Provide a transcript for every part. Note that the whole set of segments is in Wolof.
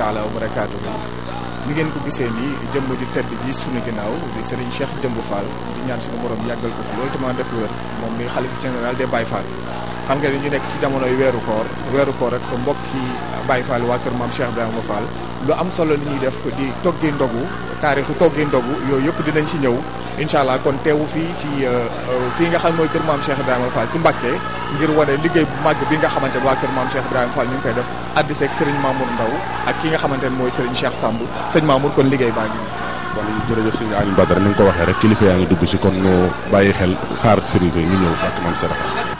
taala wa barakaatu ni ngeen ko gisee nii jëmm ju tedd ji suñu ginnaaw di Serigne Cheikh Jëmb Fall di ñaan suñu borom yàggal ko fi loolu te ma def moom mi xalif général de Baye Fall xam nga ni ñu nekk si jamonoy weeru koor weeru koor rek mbokki bàyyi Fall waa kër maam Cheikh Ibrahima Fall lu am solo li ñuy def di toggi ndogu taarixu toggi ndogu yooyu yëpp dinañ si ñëw incha allah kon teewu fii si euh, euh, fii nga xam mooy kër maam Cheikh Ibrahima Fall si Mbàkke ngir wane liggéey bu màgg bi nga xamante ne waa kër maam Cheikh Ibrahima Fall ñu ngi koy def àddi seeg Serigne Ndaw ak ki nga xamante ne mooy Serigne Cheikh Samb sëñ Mamour kon liggéey baa ngi kon jërëjëf sëñ Alioune ko waxee rek kilifa yaa ngi si kon ñu xel xaar Serigne ñu ñëw ak maam Serap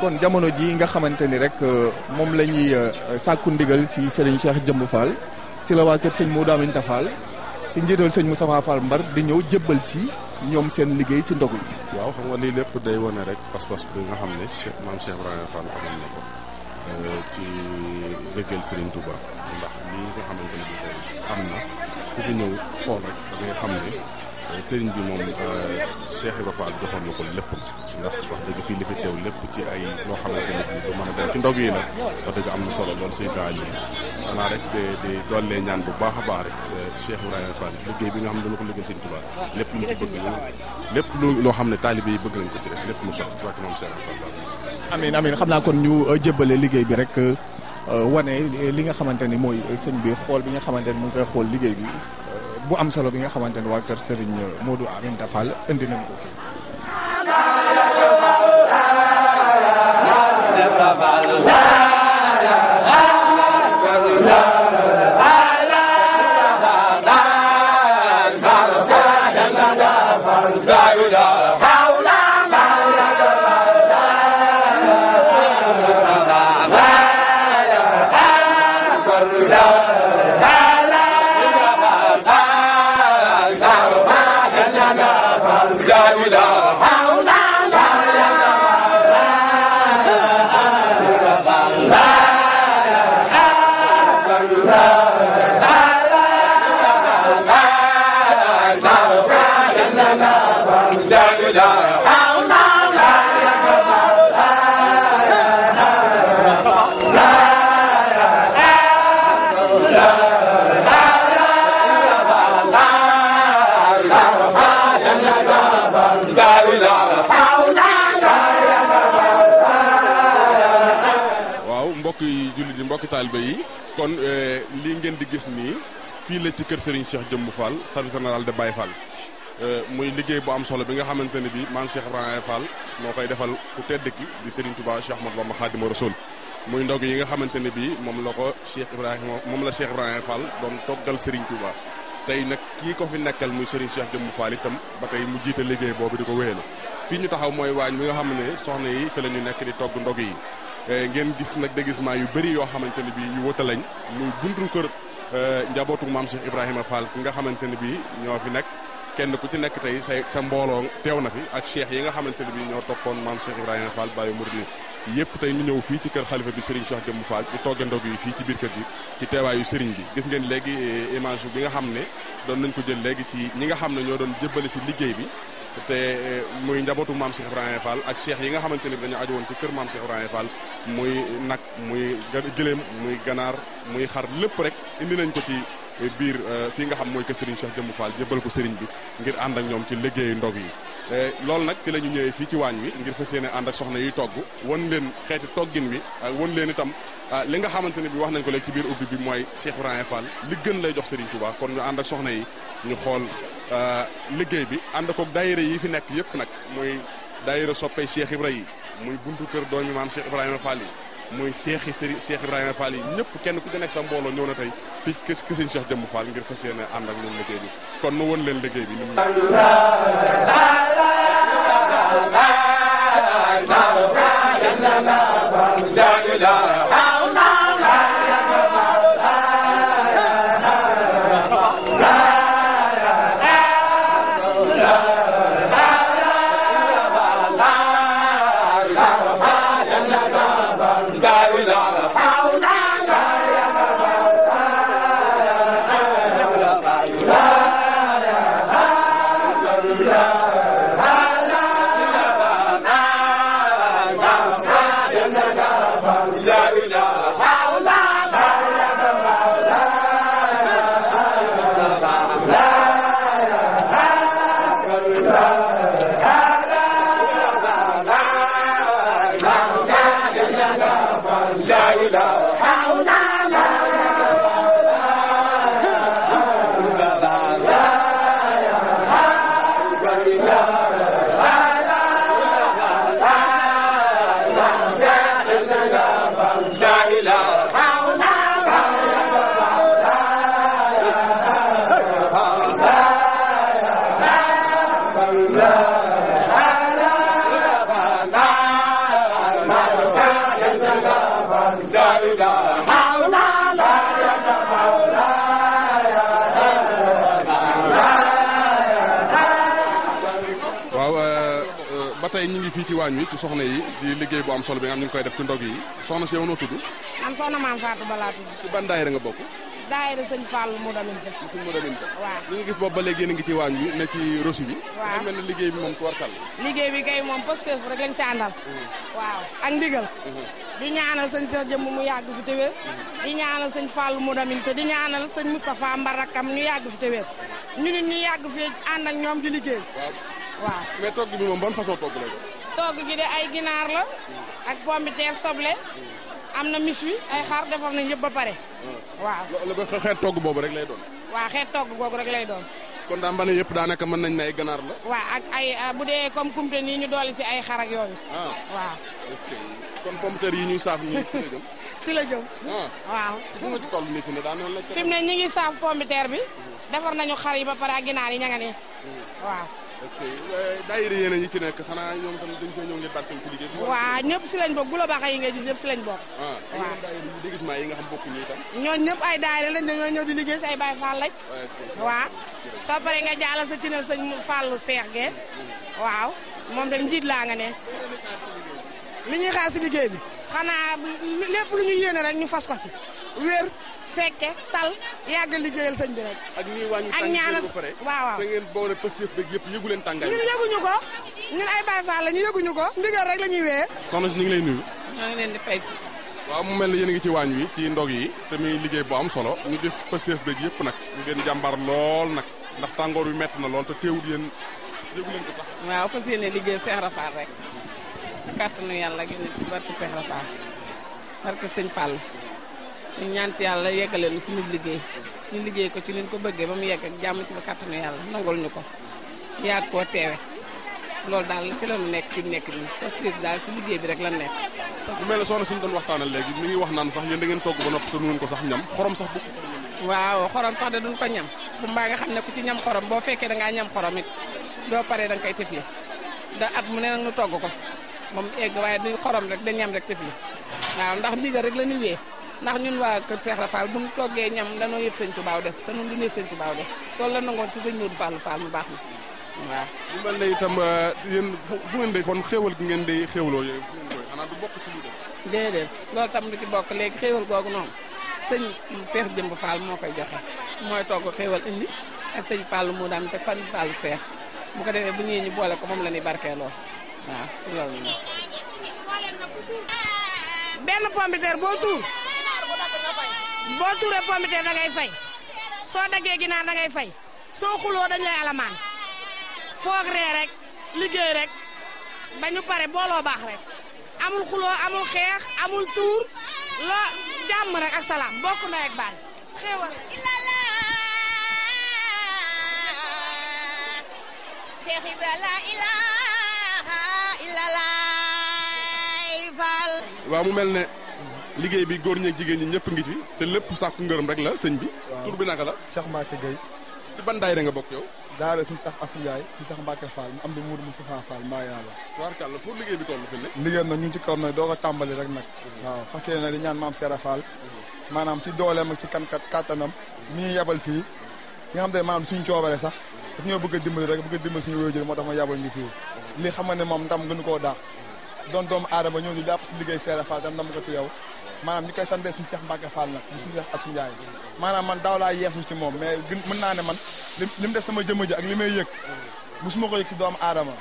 kon jamono ji nga xamante ni rek euh, moom la ñuy euh, sàkku ndigal si Serigne Cheikh Jëmb Fall si la waa kër sëñ Modou Aminta Fall si njiital sëñ Moustapha Fall Mbar di ñëw jébbal si ñoom seen liggéey si ndogu waaw xam nga lii lépp day wane rek pas-pas bi nga xam ne Cheikh maam Cheikh Ibrahima Fall euh, ci liggéeyal Serigne Touba ndax lii xamante ne bii am na ku fi ñëw xool rek da xam ne. sëriñ bi moom Cheikh Ibra Fall joxoon na ko lépp ndax wax dëgg fii li fi teew lépp ci ay loo xamante ne bii du mën a dem ci ndog yi nag wax dëgg am na solo lool say gaa yi xanaa rek di di dollee ñaan bu baax a baax rek Cheikh Ibrahima Fall liggéey bi nga xam ne dana ko liggéeyal sëriñ Tuubaa lépp lu ci bëgg lépp lu loo xam ne taalibe yi bëgg nañ ko ci rek lépp mu sotti waaye moom Cheikh Ibrahima Fall amiin amiin xam naa kon ñu jébbale liggéey bi rek wane li nga xamante ni mooy sëñ bi xool bi nga xamante ni mu ngi koy xool liggéey bi bu am solo bi nga xamante ne waa kër moo Modou Aminta Fall indi nañ ko fii da da da kon euh, lii ngeen di gis nii fii la ci kër Serigne Cheikh Jëmb Fall xalifa général de Baye Fall euh, muy liggéey bu am solo bi nga xamante ne bi maam Cheikh Ibrahima Fall moo koy defal ku tedd ki di Serigne Touba Cheikh Ahmadou Bamba Khadimou Rassoul muy ndog yi nga xamante ne bi moom la ko Cheikh Ibrahima moom la Cheikh Ibrahima Fall doon toggal Serigne Touba tey nag kii ko fi nekkal muy Serigne Cheikh Jëmb Fall itam ba tey mu jiite liggéey boobu di ko wéyale fii ñu taxaw mooy waañ bi nga xam ne soxna yi fi la ñu nekk di togg ndog yi Eh, ngeen gis nag déguisement yu bëri yoo xamante ne bii yu wuute lañ muy buntu kër eh, njabootu maam Cheikh Ibrahima Fall ki nga xamante ne bii ñoo fi nekk kenn ku ci nekk tey say sa mbooloo teew na fi ak cheikh yi nga xamante ne bii ñoo toppoon maam Cheikh Ibrahima Fall Baye Mouride yëpp tey ñu ñëw fii ci kër xalifa bi Serigne Cheikh Jëmb Fall di togge ndog yi fii ci biir kër gi ci teewaayu Serigne bi gis ngeen léegi eh, image bi nga xam ne doon nañ ko jël léegi ci ñi nga xam ne ñoo doon jëbbale si liggéey bi te muy njabootu maam Cheikh Ibrahima Fall ak cheikh yi nga xamante ni dañu aju woon ci kër maam Cheikh Ibrahima Fall muy nag muy gëléem muy ganaar muy xar lépp rek indi nañ ko ci biir fii nga xam mooy que Serigne Cheikh Jëmbu Fall jébbal ko Serigne bi ngir ànd ak ñoom ci liggéeyu ndog yi. loolu nag ci la ñu ñëwee fii ci waañ wi ngir fas yéene ànd ak soxna yuy togg won leen xeeti toggin wi won leen itam li nga xamante ne bi wax nañ ko léegi ci biir ubbi bi mooy Cheikh Ibrahima Fall li gën lay jox Serigne Touba kon ñu ànd ak soxna yi ñu xool. Euh, liggéey bi ànd koog dayre yi fi nekk yëpp nag muy daayira soppey Cheikh Ibra yi muy buntu kër dooñu maam Cheikh Ibrahima Fall yi muy seexi Serigne Cheikh Ibrahima Fall yi ñëpp kenn ku ci nekk sa mbooloo ñëw na tey fii kës kësiñ Cheikh Jëmb Fall ngir fas yéene ànd ak ñun liggéey bi kon nu leen liggéey bi ni mu Yeah. ñi ci soxna yi di liggéey bu am solo bi nga am ñu ngi koy def ci ndog yi soxna si yow noo tudd man soxna maam Fatou Bala tudd ci ban daayira nga bokk daayira sëñ Fall mu daminta sëñ mu daminta waaw ñu ngi gis boobu ba léegi yéen a ngi ci waañ bi ne ci rosi bi waaw mel na liggéey bi moom tuwarkal liggéey bi kay moom pasteur rek lañ si àndal mm-hmm. waaw ak ndigal mm-hmm. di ñaanal sëñ Cheikh Jëmb mu yàgg fi mm-hmm. di ñaanal sëñ mu di ñaanal sëñ Mbarakam ñu yàgg fi ñu nit ñu yàgg fi ànd ak ñoom di liggéey waaw waaw mais togg bi moom ban façon togg lay togg gi de ay ginaar la ak pombiteer soble am na mis wi ay xar defar nañ yëpp ba pare ah. waaw loolu xeet togg boobu rek lay doon waaw xeet togg googu rek lay doon kon daan ba ne yëpp daanaka mën nañ ne ay ganaar la waa ak ay ah, bu dee comme kumte nii ñu dooli si ay xar ak ah. kon pompiteer yi ñuy saaf nii si la jëm si la jëm waaw fu nga ne daan ngi saaf pompiteer bi defar nañu xar yi ba pare ak ginaar yi ña nga est-ce que euh, daayira yéen a ñi ci nekk xanaa ñoom tamit dañ koy ñëw ngeen barkeel ci liggéey ñëpp si lañ bokk bu la baaxee yi ngay gis ah, ñëpp nga xam bokk ñi tam. ñooñu ñëpp ay daayira lañ dañoo ñëw di liggéey si ay Baay Faal lañ. Ah, waaw soo paree nga jaala sa cinal sëñ Fallou Seex ge waaw moom tam njiit laa nga ne. li ñu xaar si liggéey bi xanaa lépp lu ñu yéene rek ñu fas ko si wér fekke tal yàgg liggéeyal sëñ bi rek. ak nii wàññi tànk yéen ba pare waaw waaw da ngeen boole pëseef beeg yëpp yëgu leen tàngaay. ñun yëguñu ko ñun ay Baay Faal la ñu yëguñu ko ndigal rek la ñuy wéyee. si ñu ngi lay nuyu. ñoo ngi leen di fay. waaw mu mel ne yéen ngi ci waañ wi ci ndog yi te muy liggéey bu am solo ñu gis pëseef beeg yëpp nag ngeen jàmbar lool nag ndax tàngoor wi metti na lool te teewul yéen yëgu leen ko sax. waaw fas liggéey Seex Rafaal rek si kàttanu yàlla Seex ñu ñaan ci yàlla yeggaleel ñu suñu liggéey ñu liggéey ko ci liñ ko bëggee ba mu yegg ak jàmm ci ba kàttanu yàlla nangul ñu ko yaat koo teewe loolu daal ci la nekk fi nekk ni parce que daal ci liggéey bi rek la nekk parce que mel soxna suñu doon waxtaanal léegi mi ngi wax naan sax yéen da ngeen togg ba noppi te nuun ko sax ñam xorom sax bu waaw xorom sax da duñ ko ñam bu mbaa nga xam ne ku ci ñam xorom boo fekkee da ngaa ñam xorom it doo paree da nga koy tefli da at mu ne nag nu togg ko moom egg waaye du xorom rek da ñam rek tefli waaw ndax ndigal rek la ñu wee ndax ñun waa kër seex Rafal bu ñu toggee ñam danoo yëg sëñ Tuubaa des te ñun du ne sëñ Tuubaa des loolu la nangoon ci sëñ Modou Fall mu baax na waaw. bu mel ne itam euh, yéen fu ngeen de kon xéewal gi ngeen di xéewloo yéen fu ngeen koy xanaa du bokk ci lu dem. déedéet loolu tam du ci bokk léegi xéewal googu noonu sëñ Cheikh Jëmb Fall moo koy joxe mooy togg xéewal indi ak sëñ Fall mu daan te fan Fall Cheikh bu ko defee bu ñëwee ñu boole ko moom la ñuy barkeeloo waaw loolu la. benn pomme de terre boo tuur. boo tuuree pomiteer da ngay fay soo daggee ginaar da ngay fay soo xuloo dañ alamaan foog ree rek liggéey rek ba ñu pare booloo baax rek amul xuloo amul xeex amul tuur loo jàmm rek ak salaam bokk na ak baay xéewal Cheikh fal waaw mu mel ne liggéey bi góor ñeeg jigéen ñi ñëpp ngi fi te lépp sàkku ngërëm rek la sëñ bi. tur bi naka la. Cheikh Mbacke Gueye. ci ban daayira nga bokk yow. daara si sax Assou Ndiaye si sax Mbacke Fall mu am mu Mourou Moustapha Fall mbaa yàlla. tubaarkàlla foofu liggéey bi toll fi ne. liggéeyam nag ñu ngi ci kaw nag doo ko tàmbali rek nag. waaw fas yéene na di ñaan maam Serap Fall. maanaam ci dooleem ci kankat kattanam. mi ngi yebal fii. nga xam ne maanaam suñu coobare sax. daf ñoo bëgg a rek bëgg a dimbali suñu wéyjur moo tax ma yebal ñu fii. ne moom ndam gënu koo daax. doon doomu aadama ñëw ñu jàpp liggéey Serap Fall dam ci yow maanaam ñu koy santee si Cheikh Mbacke Fall nag bu si Cheikh Assou Ndiaye maanaam man daaw laa ci moom mais mën naa ne man li de des sama jëmm ji ak li may yëg mosuma ko yëg si doomu aadama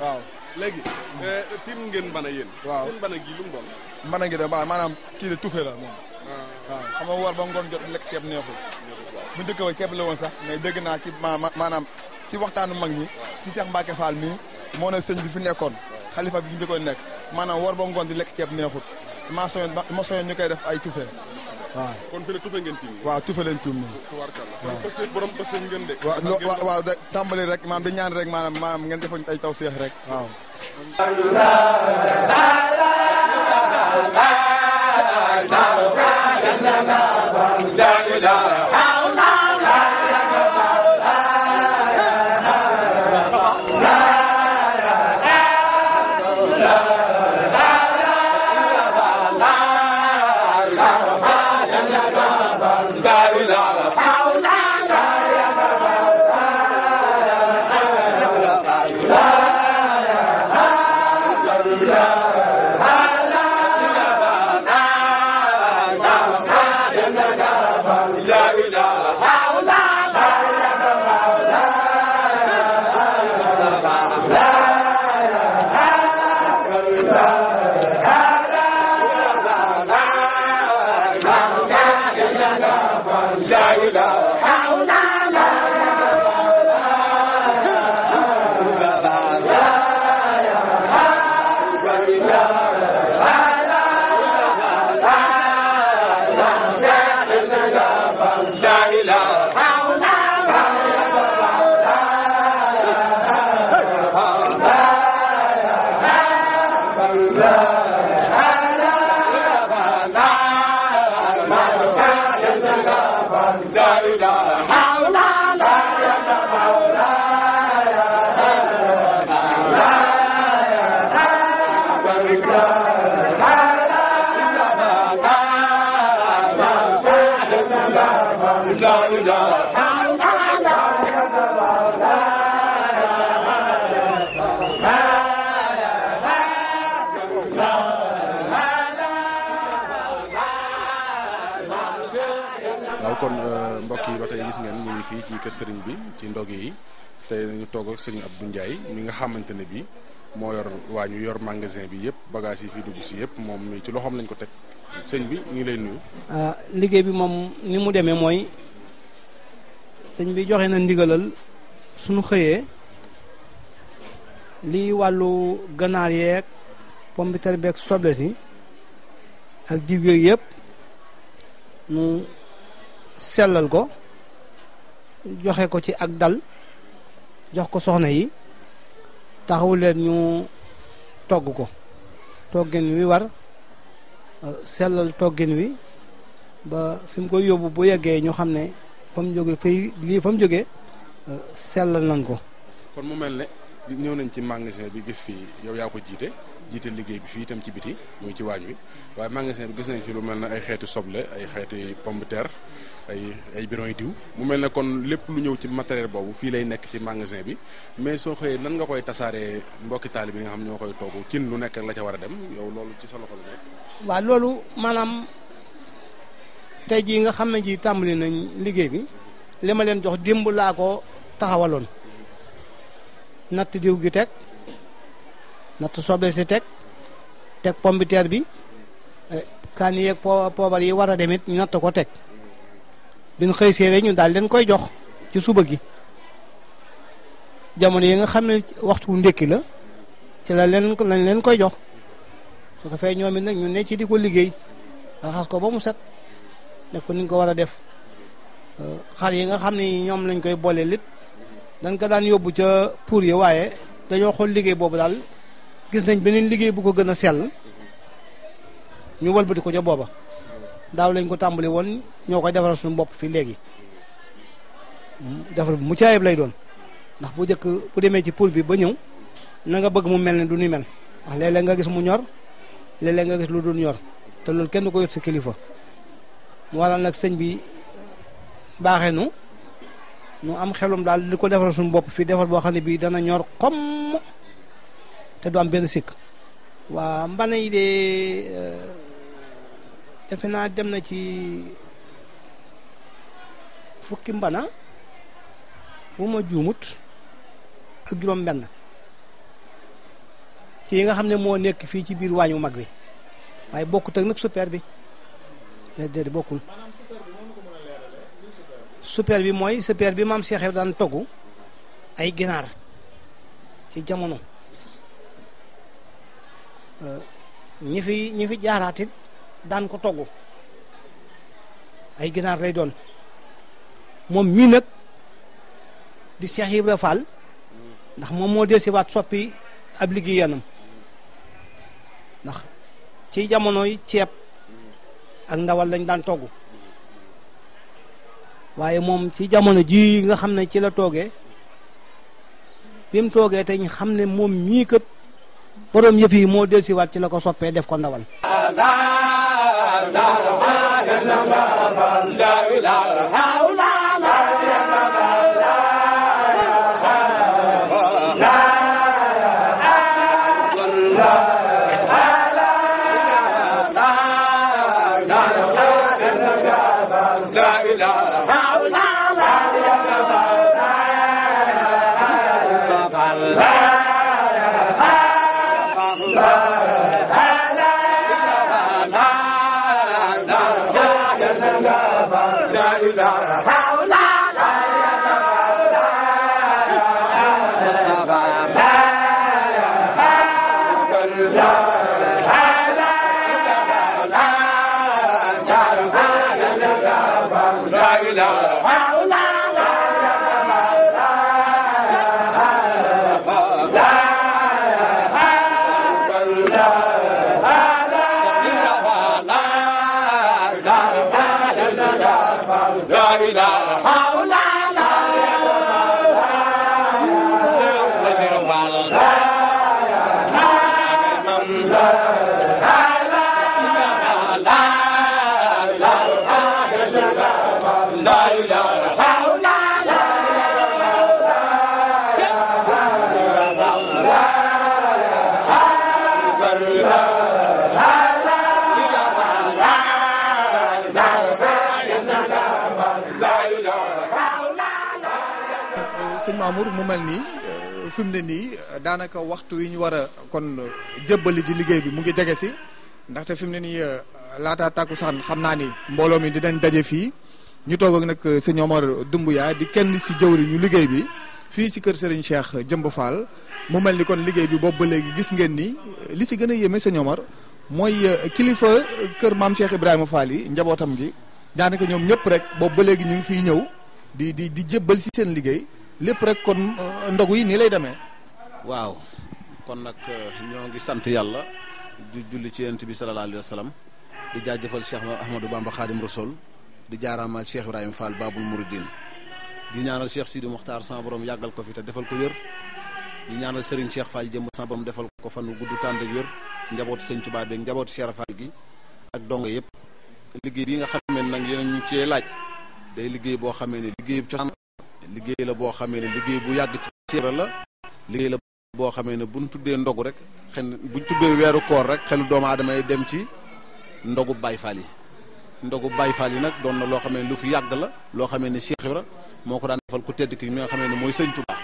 waaw léegi euh, tiim ngeen mbana yéen waaw seen mbana gi lu mu doon mbana gi da waaw maanaam kii de tufe la moom ah. waaw xam nga war ba ngoon jot lekk ceeb neexul bu njëkk ba ceeb la woon sax mais dégg naa ci maanaam ci waxtaanu mag ñi ci seex Mbacke faal mii moo ne sëñ bi fi nekkoon xalifa bi fi njëkkoon nekk maanaam war ba ngoon di lekk ceeb neexul maa soyoon ma def ay tufe waaw kon fi ne tufe ngeen tiim. waaw tufe leen tiim moom. kon parce borom parce ngeen de. rek Wow. di kon euh, mbokk yi ba tey gis ngeen ñu ngi fii ci kër sëriñ bi ci ndog yi te nañu toog ak ab Abdou Ndiaye mi nga xamante ne bi moo yor waa ñu yor magasin bi yëpp bagage yi fii dugg si yëpp moom ci loxoom lañ ko teg sëñ bi ñu lay nuyu. Ah, liggéey bi moom ni mu demee mooy sëñ bi joxe na ndigalal suñu xëyee lii wàllu ganaar yeeg pombiteer beeg soble si ak diw yooyu yëpp nu sellal ko joxe ko ci ak dal jox ko soxna yi taxawu leen ñu togg ko toggin wi war sellal toggin wi ba fi mu koy yóbbu bu yeggee ñu xam ne fa mu jógee fay lii fa mu jógee euh, sellal nañ ko. kon mu mel ne ñëw nañ ci magasin bi gis fii yow yaa ko jiite jiite liggéey bi fii tam ci biti muy ci waañ wi waaye magasin bi gis nañ fi lu mel ne ay xeetu soble ay xeeti pomme terre ay ay biron yi diw. mu mel ne kon lépp lu ñëw ci matériel boobu fii lay nekk ci magasin bi mais soo xëyee nan nga koy tasaaree mbokki taalibe yi nga xam ñoo koy togg cin lu nekk la ca war a dem yow loolu ci sa loxo la nekk. waaw loolu maanaam. tey jii nga xam ne ji tàmbali nañ liggéey bi li ma leen jox démb laa ko taxawaloon natt diw gi teg natt soble si teg teg pombiteer bi eh, kaan yeeg poobar yi war a demit ñu natt ko teg bin xëy see ñu daal leen koy jox ci suba gi jamono yi nga xam ne waxtu ndékki la ci la leen lañ leen koy jox su ko fee ñoom it nag ñu ne ci di ko liggéey raxas ko ba mu set def ko ni ko def euh, xar yi nga xamni ni lañ koy bolé lit dañ ko daan yobbu ci pour yi ya, waye dañu xol liggéey bobu dal gis nañ benen liggéey bu ko gëna sel ñu wëlbati ko ca booba daaw lañ ko tambali won ñoko defal suñu bop fi léegi defar bu mucc lay doon ndax bu bu démé ci pour bi ba ñew na nga bëgg mu mel du ni mel ndax léeg nga gis mu ñor lélé nga gis lu dul ñor té lool kenn ko yott ci kilifa mu waral nag sëñ bi baaxe nu nu am xelum daal di ko defal suñu bopp fii defal boo xam ne bii dana ñor xomm te du am benn sikk waa mbana yi euh, defe naa dem na ci fukki mbana bu ma juumut ak juróom benn ci yi nga xam ne moo nekk fii ci biir waañ waañu mag bi waaye bokkut ak nag super bi Eh, déedéet bokkul. super bi mooy super bi maam Cheikh daan togg ay ginaar ci jamono eh, ñi fi ñi fi jaaraatit daan ko toggu ay ginaar lay doon moom mii di Cheikh Ibra ndax moom moo desiwaat soppi ab liggéeyanam ndax ci jamonoy ceeb ak ndawal lañ daan togg waaye moom ci jamono ji nga xam ne ci la toogee bi mu toogee te ñu xam ne moom ñii kat borom yëf yi moo delsiwaat ci la ko soppee def ko ndawal. sëñ Mamour mu mel nii fi mu ne nii daanaka waxtu wi ñu war a kon jébbali ji liggéey bi mu ngi jege si ndaxte fi mu ne nii laataa tàkkusaan xam naa ni mbooloo mi di dañ daje fii ñu toog ak nag sëñ Omar yaa di kenn si jëwri ñu liggéey bi fii si kër Serigne Cheikh Jëmb Fall mu mel ni kon liggéey bi boobu ba léegi gis ngeen ni li si gën a yéeme sëñ Omar mooy eh, kilifa kër maam Cheikh Ibrahima Fall yi njabootam gi daanaka ñoom ñëpp rek boobu ba léegi ñu ngi fiy ñëw di di di jébbal si seen liggéey. lépp rek kon euh, ndogu yi nii lay demee. waaw kon nag euh, ñoo ngi sant yàlla di julli ci yonent bi sallallahu alayhi wa sallam di jaajëfal Cheikh Ahmadou Bamba Khadim Rasoul di jaaraamaal Cheikh Ibrahima Fall Babul Mouridine di ñaanal Cheikh Sidi Mokhtar sama borom yàggal ko fi te defal ko wér di ñaanal Serigne Cheikh Fall jëm sama borom defal ko fan wu gudd tànd ak wér njabootu Sëñ Tuubaa beeg njabootu Cheikh Fall gi ak dong yëpp liggéey bi nga xam ne nag yéen ñu cee laaj liggéey boo xamee ne liggéey la boo xamee ne liggéey bu yàgg ci sira la liggéey la boo xamee ne buñ tuddee ndogu rek xen buñ tuddee weeru koor rek xelu doomu aadama yi dem ci ndogu Baay Faal yi ndogu Baay Faal yi nag doon na loo xamee ne lu fi yàgg la loo xamee ne Cheikh Ibra moo ko daan defal ku tedd ki mi nga xamee ne mooy Sëñ Tuubaa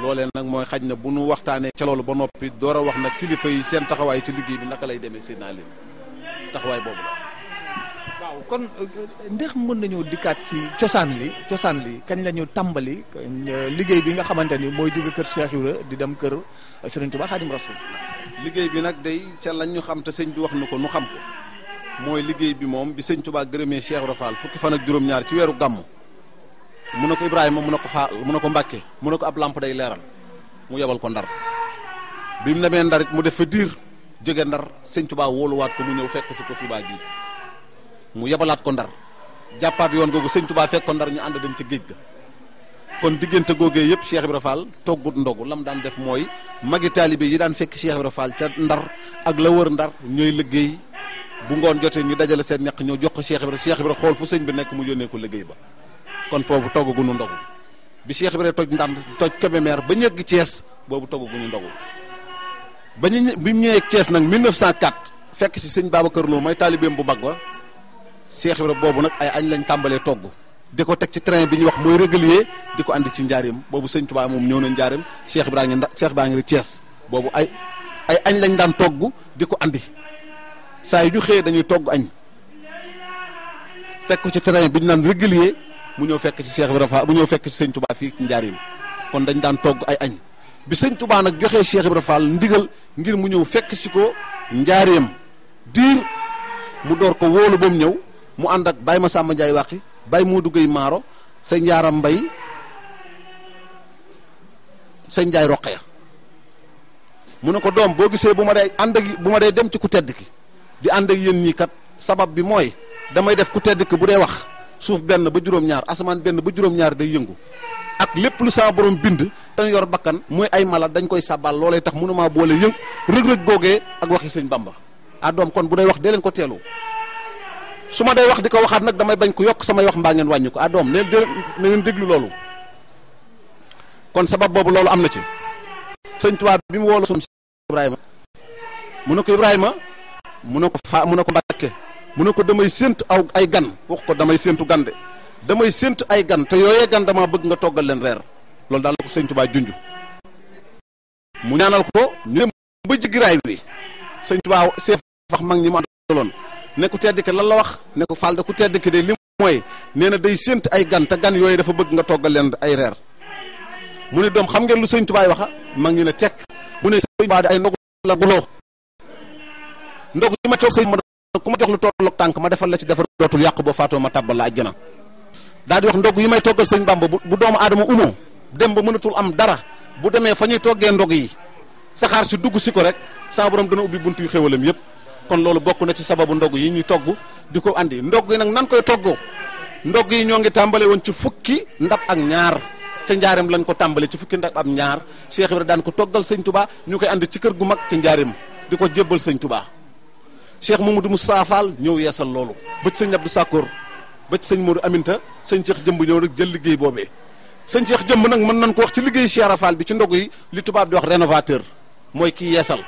loolee nag mooy xaj na bu nu waxtaanee ca loolu ba noppi door a wax nag kilifa yi seen taxawaay ci liggéey bi naka lay demee seen naa leen taxawaay boobu waaw kon euh, euh, ndax mën nañoo dikkaat si cosaan li cosaan li kañ la ñu tàmbali euh, liggéey bi nga xamante ni mooy jóge kër Cheikh Ibra di dem kër Serigne Touba Khadim Rasoul. liggéey bi nag dey ca lañ ñu xam te sëñ bi wax na ko nu xam ko mooy liggéey bi moom bi sëñ Touba gërëmee Cheikh Ibra fukki fan ak juróom-ñaar ci weeru gàmm mun ne ko Ibrahima mun ne ko Faal mu ne ko Mbàkke mun ne ko ab làmp day leeral mu yebal ko Ndar bi mu demee Ndar mu def fa diir jóge Ndar sëñ Touba ko mu ñëw fekk si ko mu yebalaat ko ndar jàppaat yoon googu sëñ Tuubaa fekk ko ndar ñu ànd dem ci géej ga kon diggante googee yëpp Cheikh Ibra Fall toggut ndogu lam daan def mooy magi taalibe yi daan fekk Cheikh Ibra Fall ca ndar ak la wër ndar ñooy liggéey bu ngoon jotee ñu dajale seen ñaq ñoo jox ko Cheikh Ibra Cheikh Ibra xool fu sëñ bi nekk mu yónnee ko liggéey ba kon foofu toggaguñu ndogu bi Cheikh Ibra toj ndànd toj Kébémer ba ñëgg cees boobu toggaguñu ndogu ba ñu bi mu ñëwee Thiès nag 1904 fekk si sëñ Babacar Lo mooy taalibeem bu mag ba bi Ibra boobu nag ay añ lañ tàmbalee togg di ko teg ci train bi ñuy wax mooy régulier di ko andi ci njaareem boobu sëñ Tuubaa moom ñëw na njaareem Cheikh Ibra ngi ndax Cheikh Ibra ngi Thiès boobu ay ay añ lañ daan togg di ko andi saa yu ñu xëyee dañuy togg añ teg ci train bi ñu naan régulier mu ñëw fekk ci Cheikh Ibra Fall mu ñëw fekk ci sëñ Tuubaa fii ci kon dañ daan togg ay añ bi sëñ nag joxee Cheikh Ibra Fall ndigal ngir mu ñëw fekk si ko njaareem diir mu door ko wóolu ba mu ñëw. mu andak bay Baye sam waki waxi bay mo dugay maro sëñ Yaaram Mbay sëñ rokaya roqya mu ne ko dom bo gisee buma day ak dem ci ku tedd ki di ànd ak yéen kat sabab bi moy damay def ku tedd ki bu day wax suuf ben ba juróom-ñaar asman ben ba juróom-ñaar day ak lepp lu sa borom bind tan yor bakkan moy ay mala dañ koy sabal lolay tax munuma bolé yëng reug reug googee ak waxi Bamba adom ah, kon bu day wax de len ko telu Suma day wax di waxat nak damay bañ ko yok sama wax mbaa ngeen wañu ko adom ah, ne ngeen deglu lolu kon sabab bobu lolu amna ci sëñ tuba bi mu woolu sum Ibrahima munako Ibrahima munako fa munako ne munako damay sént aw ay gan wax ko damay sentu gan de damay sént ay gan te yoyé gan dama bëgg nga togal len rer lolu dal ko sëñ tuba junj mu ñaanal ko ñu ba jiggi wi wax mag ni ma dolon ne ku tedd ki lan la wax ne ko Fall ku tedd ki de li mooy nee na day sént ay gan te gan yooyu dafa bëgg nga toggal leen ay reer mu ne doom xam ngeen lu sëñ tubaay waxa mag ñu ne tekk mu ne sëñ tubaay ay ndogu la guloo ndog yi ma toog sëñ ma ku ma jox lu tolloog tànk ma defal la ci defar dootul yàqu boo faatoo ma tàbbal la àjjana di wax ndog yi may toggal sëñ bàmba bu doomu aadama umoo dem ba mënatul am dara bu demee fa ñuy toggee ndog yi saxaar si dugg si ko rek saa borom dana ubbi bunt yu xéwalam yépp kon lolu bokku na ci sababu ndog yi ñuy togg diko andi ndog yi nak nan koy toggoo ndog yi ñongi ngi won ci fukki ndab ak ñaar ci njaareem lañ ko tàmbale ci fukki ndab ak ñaar Cheikh ibrahim daan ko toggal seigne Touba ñukay andi ci kër gu mag ci njaareem diko jébal seigne Touba Cheikh Mamadou Moussa Fall ñëw yeesal lolu becc seigne Abdou Sakkour becc seigne sëñ Modou Aminta seigne Cheikh jëm ñew rek jël liggéey bobé seigne Cheikh jëm nak mën nañ ko wax ci liggéey Cheikh Rafal bi ci ndog yi li touba di wax rénovateur moy ki yeesal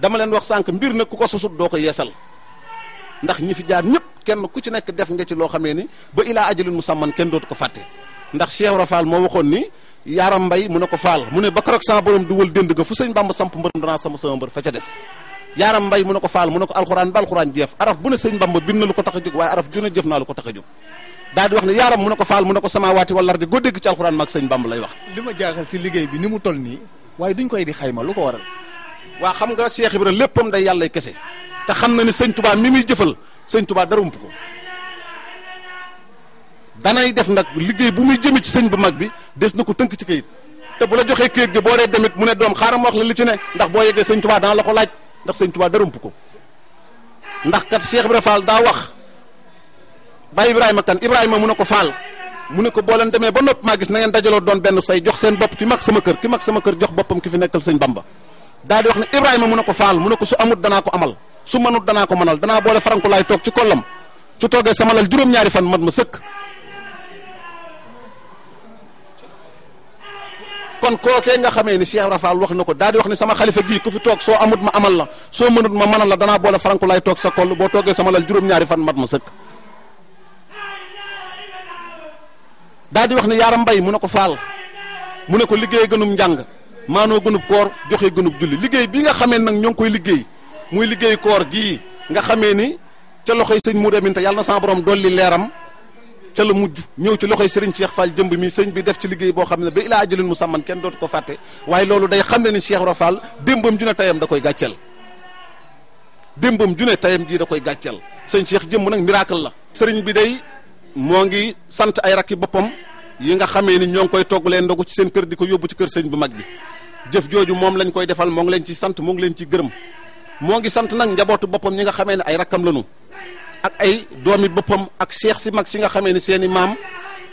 dama len wax sank mbir nag kuko susut doko doo yeesal ndax ñi fi jaar ñep kenn ku ci nek def nga ci lo xamé ni ba ila ajalin musamman kenn dootu ko fàtte ndax Cheikh Rafal mo waxon ni yaram bay mu ne ko faal mu ne ba keroog sama borom du wël dënd ga fu señ bamba samp mbërëm danaa sama sama mbeur fa ca dess yaram bay mu ne ko faal mu ne ko alquran ba jeef araf bu ne señ bamba bin na lu ko way araf juna jeef na lu ko tax a daal di wax ni yaram mu ne ko faal mu ne ko sama wati wala de goo ci alquran mak señ bamba lay wax li jaaxal si bi ni mu toll ni way duñ koy di xayma lu ko waral waa xam nga bi Ibra léppam day yàllay kese te xam na ni sëñ tubaa mi muy jëfal sëñ tubaa dara ump ko danay def nag liggéey bu muy jëme ci sëñ bu mag bi des na ko tënk ci kayit te bu la joxee kayit gi boo dee demit mu ne doom xaaral ma wax la li ci ne ndax boo yeggee sëñ tubaa dana la ko laaj ndax sëñ tubaa dara ump ko ndax kat bi Ibra Fall daa wax Baye Ibrahima kan Ibrahima mu ne ko Fall mu ne ko boo leen demee ba nopp maa gis na ngeen dajaloo doon benn say jox seen bopp ki mag kër ki mag sama kër jox boppam ki fi nekkal sëñ Bamba daal wax ne Ibrahima mu ne ko faal mu ne ko su amut danaa ko amal su manut danaa ko manal dana boole faranku laay toog ci kollam su toogee sama lal juróom-ñaari fan mat ma sëkk. kon kookee nga xamee ni Cheikh Rafal wax na ko daal di ne sama xalifa gii ku fi toog soo amut ma amal la soo mënut ma manal la danaa boole faranku laay sa koll boo toogee sama lal juróom-ñaari fan wax ne yaaram mbay mu ne ko faal mu ne ko liggéey gënum njàng. maanoo gënub koor joxe gënub julli liggéey bi nga xamee nag ñoo ngi koy liggéey muy liggéey koor gi nga xamee ni ca loxoy sëñ Mouride Aminta yàlla na sama borom dolli leeram ca la mujj ñëw ci loxoy Serigne Cheikh jëmb mi sëñ bi def ci liggéey boo xam ne ba ilaa ajalin musamman kenn dootu ko fàtte waaye loolu day xam ne ni Cheikh Ibra Fall démbam ju ne tayam da koy gàcceel démbam ju ne tayam jii da koy gàcceel sëñ Cheikh jëmb nag miracle la. sëriñ bi dey moo ngi sant ay rakki boppam yi nga xamee ni ñoo ngi koy togg leen ndogu ci seen kër di ko yóbbu ci kër sëñ bu mag bi. jëf jooju moom lañ koy defal moo ngi leen ci sant moo ngi leen ci gërëm moo ngi sant nag njabootu boppam ñi nga xamee ne ay rakkam lañu ak ay doomi boppam ak cheikh si mag si nga xamee ne seeni maam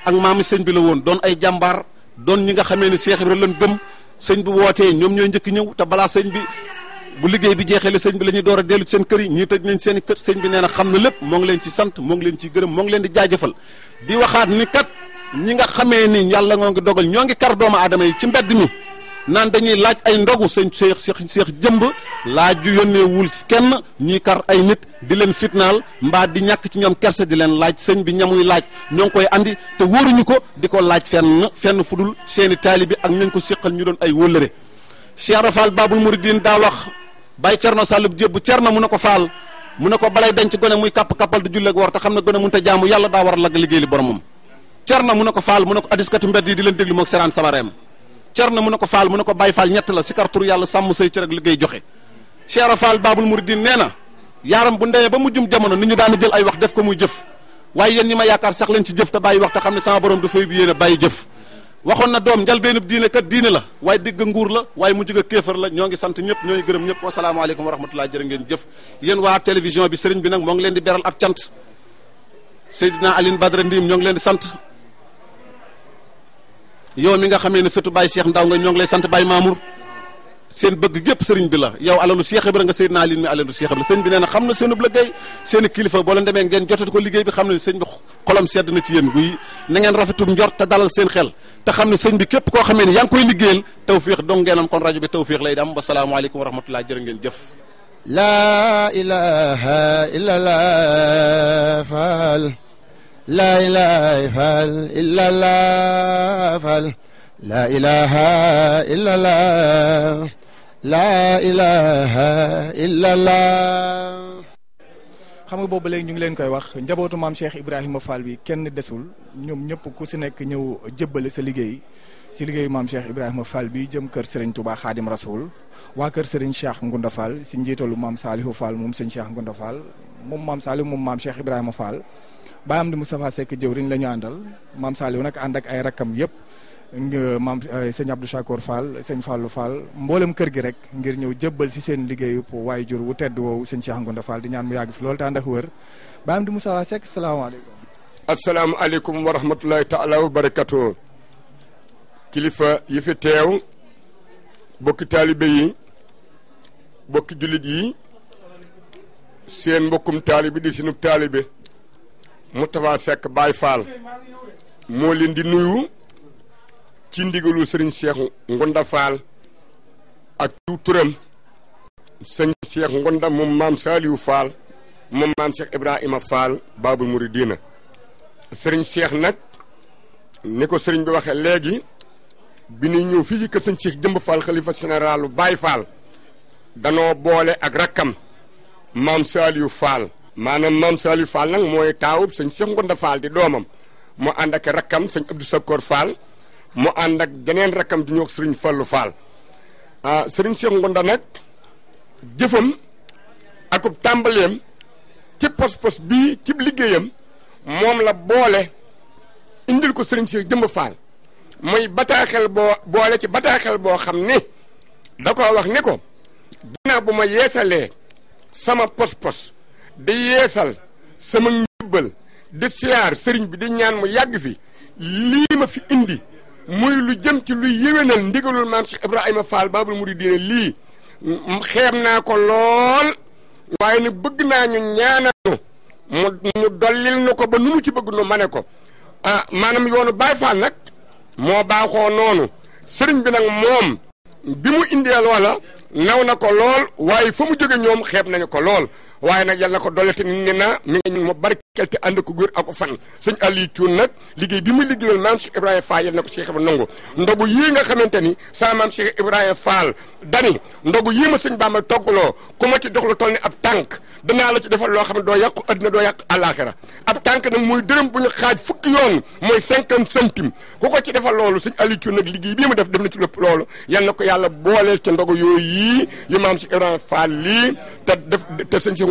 ak maami sëñ bi la woon doon ay jàmbaar doon ñi nga xamee ne cheikh bi lañ gëm sëñ bi wootee ñoom ñooy njëkk ñëw te balaa sëñ bi bu liggéey bi jeexee la sëñ bi la ñuy door a dellu seen kër yi ñii tëj nañ seen kër sëñ bi nee na xam na ngi leen ci sant moo ngi leen ci gërëm moo ngi leen di jaajëfal di waxaat ni kat ñi nga xamee ni yàlla ngoo ngi dogal ñoo ngi kar doomu aadama ci mbedd mi naan dañuy laaj ay ndogu sëñ Cheikh seex Cheikh jëmb laaj ju wul kenn ñuy kar ay nit di leen fitnaal mbaa di ñàkk ci ñoom kerse di leen laaj sëñ bi ñamuy laaj ñoo ngi koy andi te wóoruñu ko di ko laaj fenn fenn fudul seeni taalibi ak ñañ ko séqal ñu doon ay wólëre Cheikh Rafal Babul Mouridine daa wax bàyyi Cerno Sallub jébbu Cerno mu ne ko faal mu ne ko balay denc gone muy kapp-kappal di julleeg war te xam ne gone mënut a jaamu yàlla daa war a lagg liggéey cer na mu ne ko faal mu ne ko bàyyi faal ñett la si kartur yàlla sàmm say cër ak liggéey joxe cheikh faal baabul muridin nee na yaaram bu ndeyee ba mujjum jamono nit ñu daan jël ay wax def ko muy jëf waaye yen ñi ma yaakaar sax leen ci jëf te bàyyi wax te xam ne sama borom dafay yéen a bàyyi jëf waxoon na doom njalbeenub diine kat diine la waaye digg nguur la waaye mu jóge kéefar la ñoo ngi sant ñëpp ñoo ngi gërëm ñëpp wasalaamaaleykum wa rahmatullah jërë ngeen jëf yéen waa télévision bi sëriñ bi nag moo ngi leen di beral ab cant Seydina Aline Badara Ndim ñoo ngi leen di sant yow mi nga xamé ni surtout Baye Cheikh Ndaw nga ñong lay sante Baye Mamour seen bëgg gépp sëriñ bi la yow alalu Cheikh Ibra nga sayyidna ali mi alalu Cheikh Ibra sëriñ bi neena xamna seenu na seen seen kilifa bo la démé ngeen jotati ko liggéey bi xamna ne bi xolam sedd na ci yéen guy na ngeen rafetu njort ta dalal seen xel ta xam ne bi kep ko xamé ni yang koy liggéeyal tawfiq dong ngeenam kon radio bi tawfiq lay dam wa salaamu alaykum wa rahmatullahi jërë ngeen jëf laa ilaha illa laa faal لا إله إفال إلا الله إفال لا إله إلا الله لا إله إلا الله خمو بوب لين جنغ لين كوي وخ نجابو مام شيخ إبراهيم فال بي كن دسول نيوم نيوب كو سنك نيو جبل سليجي سليجي مام شيخ إبراهيم فال بي جم كر سرين توبا خادم رسول wa keur serigne cheikh ngonda fall sin jitalu mam salihou fall mom serigne cheikh ngonda fall mom mam salihou mom mam cheikh ibrahima fall Baye Amdi Moustapha Seck jëwriñ la ñu àndal maam Saliou nag ànd ak ay rakkam yëpp euh, maam euh, sëñ Abdou Chakor Fall sëñ mboolem kër gi rek ngir ñëw jëbbal si seen liggéey pour waaye jur wu tedd woowu sëñ Cheikh Ngounda di ñaan mu yàgg fi loolu te ànd ak wër Baye Amdi Moustapha Seck salaamaaleykum. asalaamualeykum wa rahmatulahi taala wa barakatu kilifa yi fi teew bokki taalibe yi bokki jullit yi seen mbokkum taalibe di sinub taalibe Moustapha Seck Baye Fall moo leen di nuyu ci ndigalu sëriñ Cheikh Ngonda Fall ak ciw turam sëñ Cheikh Ngonda moom maam Saliou Fall moom maam Cheikh Ibrahima Fall Babul Mouridina sëriñ Cheikh nag ni ko sëriñ bi waxe léegi bi ni ñëw fii ci kër sëñ Cheikh Jëmb Fall xalifa généralu Baye Fall danoo boole ak rakkam maam Saliou Fall maanaam maam Saliou Fall nag mooy taawub sëñ Cheikh Ngonda Fall di doomam mu ànd ak rakkam sëñ Abdou Sakor Fall mu ànd ak geneen rakkam di ñuy wax sëriñ Fallou Fall ah, sëriñ Cheikh Ngonda nag jëfam akub tàmbaleem ci pos-pos bii ci liggéeyam moom la boole indil ko sëriñ Cheikh Jëmb Fall muy bataaxel boo boole ci bataaxel boo xam ni da ko wax ni ko ginnaaw bu ma yeesalee sama pos-pos di yeesal sama njëbbal di siyaar sëriñ bi di ñaan mu yàgg fi lii ma fi indi muy lu jëm ci luy yéwénal ndigalul maam Cheikh Ibrahima Fall Baabul Muridiina lii xeeb naa ko lool waaye nag bëgg naa ñu ñaanal mu ñu dollil nu ko ba nu ci bëgg nu ma ne ko ah maanaam yoonu Baay Faal nag moo baaxoo noonu sëriñ bi nag moom bi mu indee loola naw na ko lool waaye fa mu jóge ñoom xeeb nañu ko lool waaye nag yàlla na ko dolete ni ne na mi ngi mu barkeel te ànd ko góor ak fan sëñ Aliou Thioune nag liggéey bi mu liggéeyal maam Cheikh Ibrahima Fall yal na ko Cheikh Ibra nangu ndogu nga xamante ni sa maam Ibrahima Fall dani ndogu yii ma sëñ Bamba toggaloo ku ma ci jox lu ab tànk danaa la ci defal loo xam ne doo yàqu àddina doo yàq àllaaxira ab tànk nag muy dërëm bu ñu xaaj fukki yoon mooy cinquante centime ku ko ci defal loolu sëñ Aliou nag liggéey bii mu def def na ci lépp loolu yal na ko yàlla booleel ca ndogu yooyu yii yu maam Cheikh Ibrahima Fall lii te def te sëñ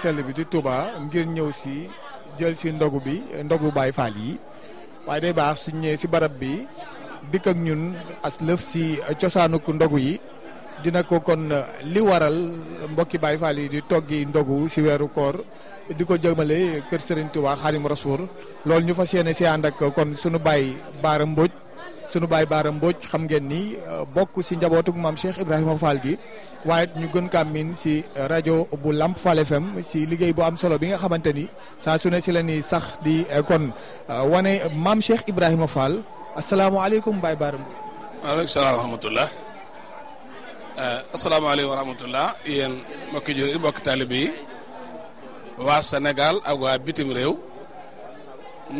sell bi di Touba ngir ñëw si jël si ndogu bi ndogu Baay Faal yi waaye day baax suñ ñëwee si barab bi dikk ak ñun as lëf si cosaanuk ndogu yi dina ko kon li waral mbokki Baay Faal yi di toggi ndogu si weeru koor di ko jëmale kër sëriñ Touba Xaadimu Rasuul loolu ñu fas yéene si ànd ak kon sunu Baay Baara Mbodj sunu bay baram boj xam ngeen ni euh, bokk ci njabootu mam Cheikh Ibrahima Fall gi waye ñu gën kaa miin si radio bu Lamp Fall FM si liggey bu am solo bi nga xamanteni sa saa ci lañi sax di euh, kon euh, wane mam Cheikh Ibrahima Fall assalamu alaykum bay baram alaykum salaam wa rahmatulah. asalaamaaleykum wa rahmatulah yeen mbokk jori mbokk talibi wa senegal ak wa bitim rew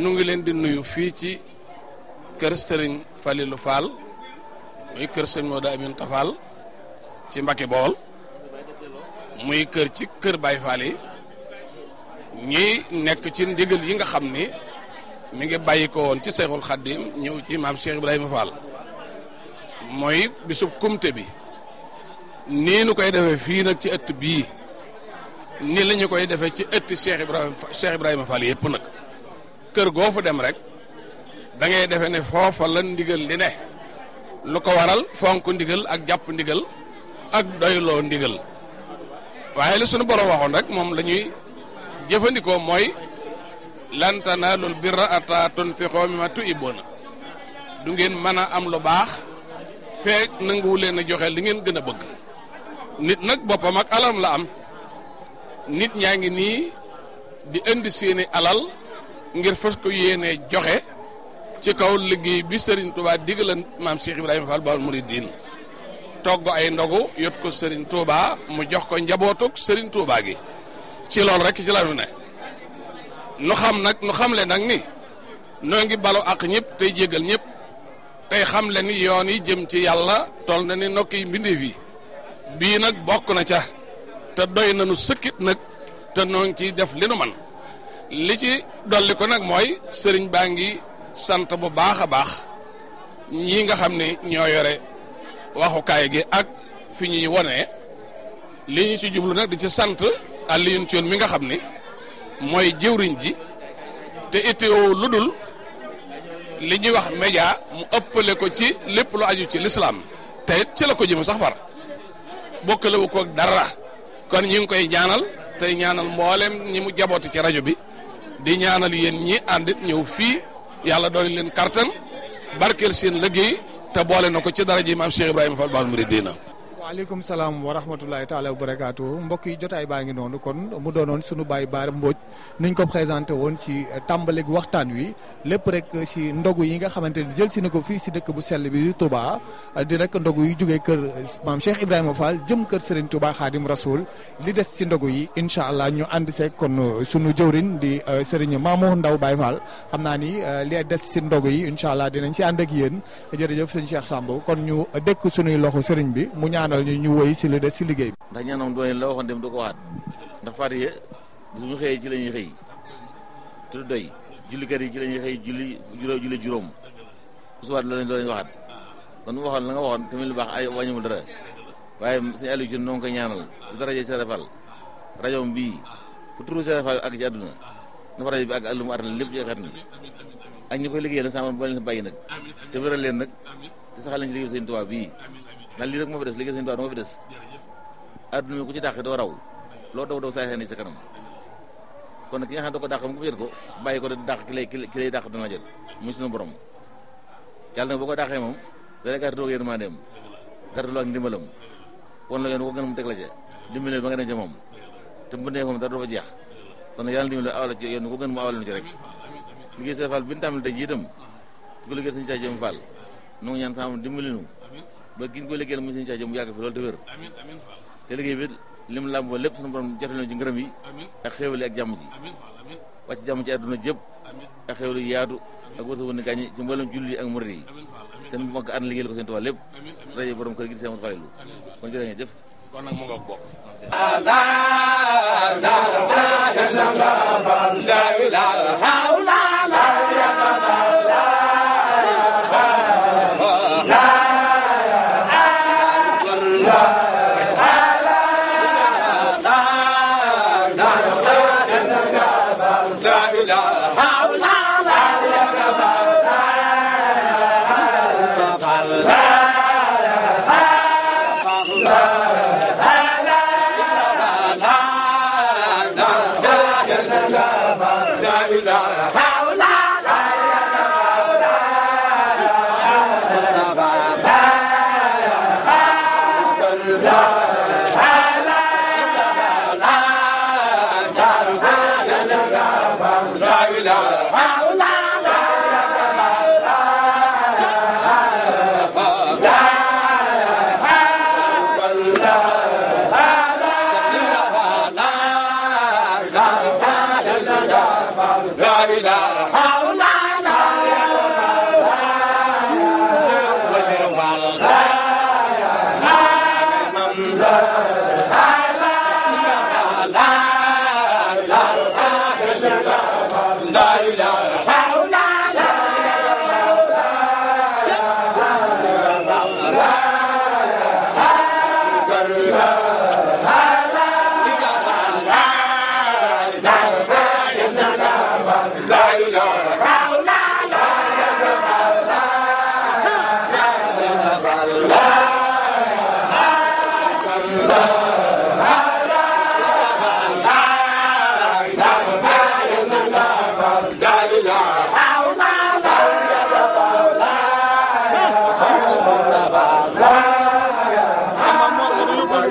nu ngi leen di nuyu fi ci. kër sëriñ Falilu Fall muy kër sëriñ Modou Aminta Fall ci mbaki bool muy kër ci kër Baye Fall yi nekk ci ndigal yi nga xam ni mu ngi bàyyi ko woon ci Seexul Xaddim ñëw ci maam Cheikh Ibrahima Fall mooy bisu kumte bi nii nu koy defee fii nag ci ëtt bii nii la koy defee ci ëtt Cheikh Ibrahima Cheikh Ibrahima yëpp nag kër goo fu dem rek. da ngay defé né foofa la ndigal li né lu ko waral fonk ndigal ak japp ndigal ak doylo ndigal waye li sunu borom waxon rek mom lañuy jëfëndiko moy lan tanalul birra ata tunfiqoo mimma tuibuna du ngeen mëna am lu baax fe nangou leen joxe li ngeen gëna bëgg nit nak bopam ak alam la am nit ñangi ni di indi seeni alal ngir fas ko yéenee joxe ci kaw liggéey bi sëriñ Serigne Touba digalan maam Cheikh Ibrahima Fall Baol Mouridine togg ay ndogu yot ko sëriñ Touba mu jox ko njabootuk sëriñ Touba gi ci loolu rek ci lañu ne nu xam nag nu xam le nag ni noo ngi balu ak ñëpp tey jégal ñëpp tey xam le ni yoon yi jëm ci yàlla tool na ni nokk yi yi bii nag bokk na ca te doy na nu sëkkit nag te noo ngi ciy def li nu man li ci dolli ko nag mooy sëriñ baa ngi sant bu baax a baax ñi nga xam ne ñoo yore waxukaay gi ak fi ñuy wone li ñu ci jublu nag di ci sant Alioune Thion mi nga xam ne mooy jëwriñ ji te itteewu lu dul li ñuy wax média mu ëppale ko ci lépp lu aju ci lislaam te it ci la ko jëme sax far bokkalewu ko dara kon ñi koy ñaanal tey ñaanal mboolem ñi mu jabooti ci rajo bi di ñaanal yéen ñi àndit ñëw fii yàlla dooli leen kartan barkeel seen liggéey te boole na ko ci daraja Maam Cheikh Ibrahima Fall Baal Muridiina waaleykum salaam wa rahmatulahi taala wa barakaatu mbokk yi jotaay baa ngi noonu kon mu doonoon sunu baay Bara Mbodj nuñ ko présenté woon si gu waxtaan wi lépp rek si ndogu yi nga xamante ni jël si na ko fii si dëkk bu sell bi Touba di rek ndogu yi jógee kër maam Cheikh Ibrahima jëm kër Serigne Touba Khadim Rasoul li des si ndogu yi incha allah ñu ànd see kon sunu jëwrin di euh, Serigne Mamour Ndaw baay Fall xam naa ni euh, li des si ndogu yi incha allah dinañ si ànd ak yéen jërëjëf sëñ Cheikh Samb kon ñu dëkk sunuy loxo Serigne bi mu ñaan ñaanal ñu ñu wëy si li si liggéey bi. ndax ñaanam doone la waxoon dem du ko waxaat ndax Fatiha bu ñu xëyee ci la ñuy xëy te du doy jullikat yi ci la ñuy xëy julli juróom julli juróom ku subaat loolu lañ waxaat kon waxoon la nga waxoon tamit lu baax ay wàññiwul dara waaye suñu àll ci noo ngi koy ñaanal si daraje Serigne Fall rajo bii fu turu Serigne Fall ak ci àdduna na fa rajo bi ak lu mu atal lépp jeexat na ak ñu koy liggéeyal nag sama bu leen bàyyi nag te wéral leen nag te saxal nañ ci liggéey ndax lii rek moo fi des liggéey sëñ Tuubaa moo fi des adduna bi ku ci dàq doo raw loo daw daw saay xëy na sa kanam kon nag ki nga xam da ko dàq mu ko ko bàyyi ko da dàq ki lay ki lay dàq dana jël muy suñu borom yàlla boo ko dàqee moom da lay gàttandoo ak yërmandeem gàttandoo ak ndimbalam wan la yoon ko gën a mu teg la ca moom te bu nee moom dara doo fa jeex kon nag yàlla dimbaleel awal ci nu ko gën mu awal nu ci rek liggéey Sëriñ Fall bi ñu tàmbali tey jii itam ku ko liggéey Sëriñ Cheikh Jëm Fall nu ñaan sama dimbali ba giñ ko liggéeyal mu sëñ Cheikh Jëmm mu yàgg fi loolu te wér te liggéey bi lim làmboo lépp sunu borom jotal na ci ngërëm yi ak xéewali ak jàmm ji wàcc jàmm ci àdduna jëpp ak xéewali yaatu ak wërsëgu ni ci mboolem julli ak murid yi te moo ko ànd liggéeyal ko seen tubaab lépp rajo borom kër gi di seen falilu kon jërë ngeen jëf kon nag لا إله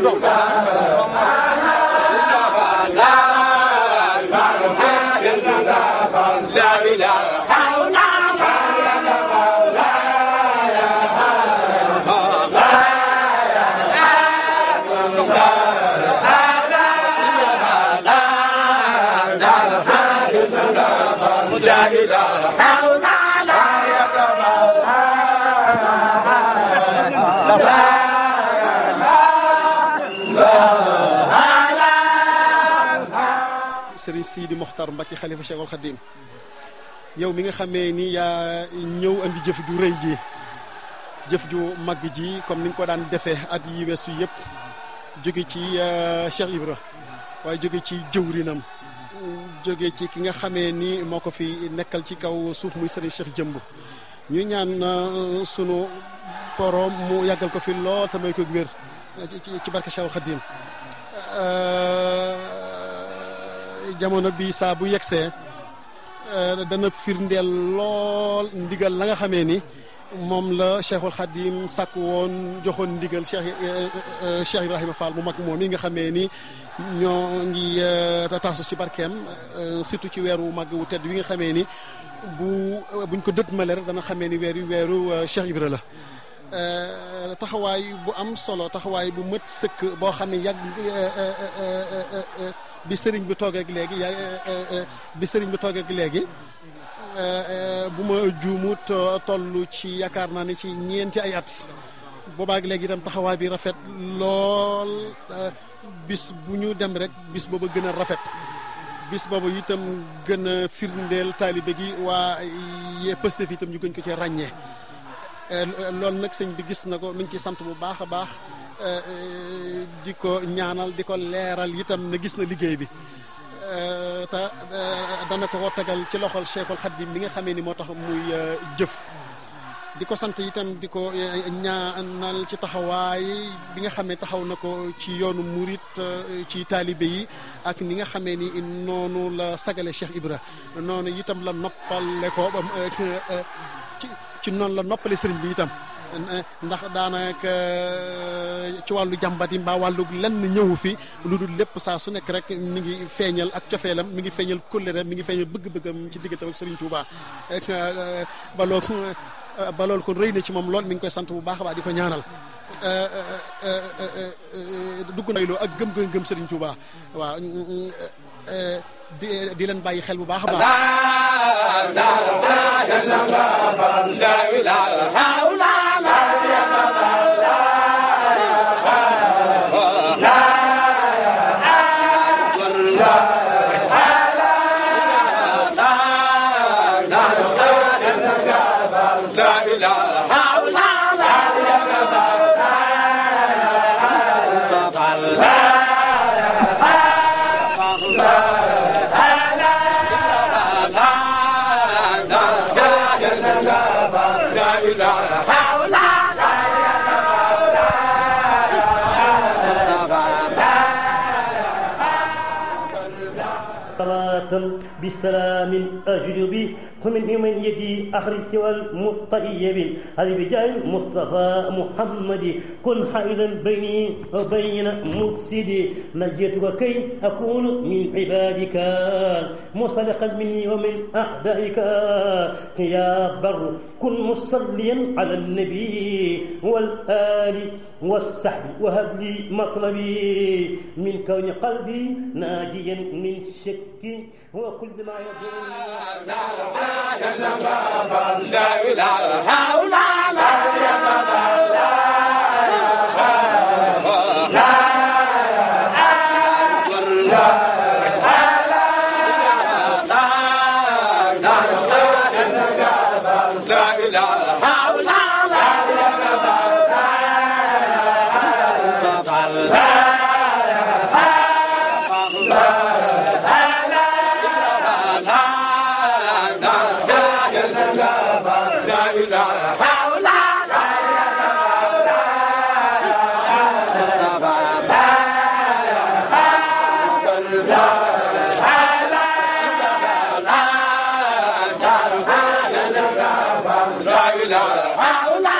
ลูก Sidi Mokhtar Mbacke xalifa Cheikhul Khadim yow mi nga xamee ni yaa ñëw andi jëf ju rëy ji jëf ju màgg ji comme ni nga ko daan defee at yi weesu yëpp jóge ci euh, Cheikh Ibra waaye jóge ci jëwrinam jóge ci ki nga xamee ni moo ko fi nekkal ci kaw suuf muy sëriñ Cheikh Jëmb ñu ñaan euh, sunu borom mu yàggal ko fi lool te may ko wér ci barke Cheikhul Khadim euh, jamono bi saa bu yegsee euh, dana firndeel lool ndigal la nga xame ni moom la cheikhul xadim sàkk woon joxoon ndigal cheikh euh, euh, cheikh Ibrahima Fall mu mag moom yi nga xamee ni ñoo ngi taasu ci barkeem surtout ci weer wu mag wu tedd wi nga xamee ni bu buñ ko dët male rek dana xamee ni weer yu weeru cheikh Ibra la Euh, taxawaay bu am solo taxawaay bu mat sëkk boo xam ne yàgg euh, euh, bi sëriñ bi toogeeg léegi bi sëriñ bi toogeeg léegi bu ma juumut toll ci yaakaar naa ni ci ñeenti ay at boobaak léegi itam taxawaay bi rafet lool bis bu ñu dem rek bis booba gën a rafet bis boobu itam gën a firndeel taalibe gi waa Pastef itam ñu gën ko ci ràññee loolu nag sëñ bi gis na ko mi ngi ciy sant bu baax a baax di ko ñaanal di ko leeral itam ne gis na liggéey bi te dana ko ko tegal ci loxol Cheikhul Khadim mi nga xamee ni moo tax muy jëf di ko sant itam di ko ñaanal ci taxawaay bi nga xam taxaw na ko ci yoonu murit ci taalibe yi ak ni nga xamee ni noonu la sagale Cheikh Ibra noonu itam la noppale ko ci ci noonu la noppale sëriñ bi itam ndax daanaka eh, ci wàllu jàmbat yi mbaa wàllu lenn ñëwu fi lu dul lépp saa su nekk rek mu ngi feeñal ak cofeelam mi ngi feeñal kóllëre mi ngi feeñal bëgg-bëggam ci digganteem ak Serigne Touba eh, ba loolu eh, ba loolu kon rëy na ci moom lool mi ngi koy sant bu baax baa baax di ko ñaanal. dugg nayloo ak gëm gëm gëm Serigne Touba mm, mm, di di leen bàyyi xel bu baax a baax. بالسلام أجلب قم من يدي أخرج والمطيب هذه بجاه المصطفى محمد كن حائلا بيني وبين مفسدي نجيتك كي أكون من عبادك مصلقا مني ومن أعدائك يا بر كن مصليا على النبي والآل وصحبي وهب لي مطلبي من كون قلبي ناجيا من شك وكل ما يدور لا hola,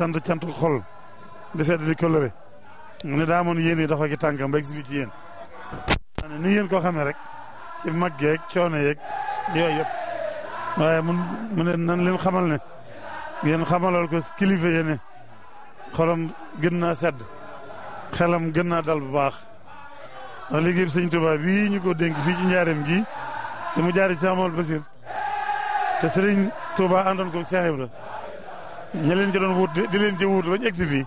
sant cant xol di fedd di kolëre mu ne daa moon yéen i tànkam ba egsi fi ci yéen ni ngeen koo xamee rek ci mag coono yeeg yooyu yëpp waaye mun mu ne leen xamal ne ngeen xamalal ko kilifa yi ne xolam gën naa sedd xelam gën naa dal baax ndax liggéey bi sëñ bii ñu ko dénk fii ci njaareem gi te mu jaari ci Amal Basir te sëriñ Tuubaa àndoon ko Seex Ibra ña leen ci doon wut di leen ci wut bañ egsi fii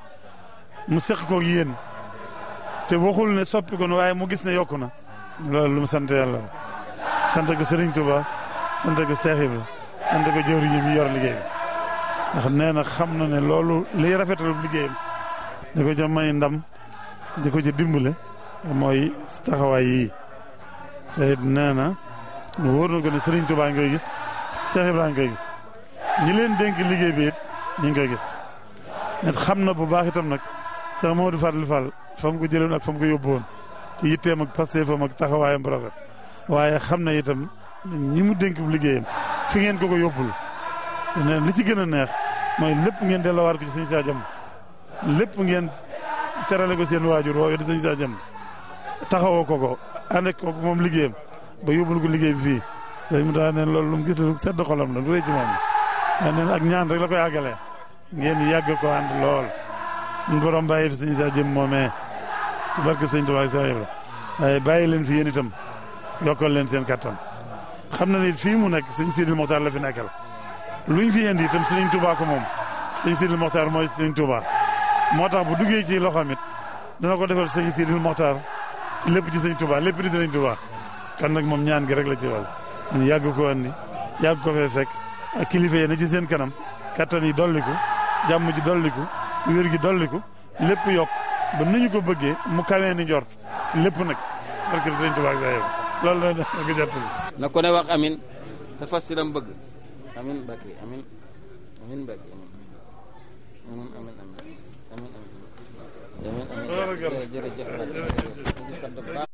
mu seq ko yéen te waxul ne soppi ko waaye mu gis ne yokku na loolu lu mu sant yàlla sant ko Serigne Touba sant ko Cheikh Ibra sant ko jëwriñ mi yor liggéey bi ndax nee na xam na ne loolu liy rafetalu liggéeyam di ko ca may ndam di ko ca dimbale mooy taxawaay yii te nee na wóor na ko ne Serigne Touba ngi koy gis Cheikh Ibra ngi koy gis ñi leen dénk liggéey bi it ñu ngi koy gis nit xam na bu baax itam nag Cheikh Mamadou Fadil Fall fa mu ko jëloon ak fa mu ko yóbbu woon ci yitteem ak pasteefam ak taxawaayam bu waaye xam na itam ñi mu dénk liggéeyam fi ngeen ko ko yóbbul ne li ci gën a neex mooy lépp ngeen delloowaat ko ci sëñ Saa Jam lépp ngeen terale ko seen waajur woowee di sëñ Saa Jam taxawoo ko ko ànd ak kooku moom liggéeyam ba yóbbul ko liggéey bi fii dañ mu taa ne loolu lu mu gis xolam la lu leneen ak ñaan rek la ko yàggale ngeen yàgg ko ànd lool suñu borom bàyyi fi sëñ saa jëm moomee ci barke sëñ Tuubaa Seex Ibra waaye bàyyi leen fi yéen itam yokkal leen seen kattan xam na ne fii mu nekk sëñ Sidil Moxtaar la fi nekkal luñ fi indi itam sëñ Tuubaa ko moom sëñ Sidil Moxtaar mooy sëñ Tuubaa moo tax bu duggee ci loxoom it dana ko defal sëñ Sidil Moxtaar ci lépp ci sëñ Tuubaa lépp di sëñ Tuubaa kan nag moom ñaan gi rek la ci wàll yàgg ko andi yàgg ko fee fekk kilifa yi na ci seen kanam kattan yi dolliku jàmm ji dolliku wér gi dolliku lépp yokk ba ni ñu ko bëggee mu kawee ni njort lépp nag barke bi sëñ la da nga jàttali na ko ne wax amin te fas ci lam bëgg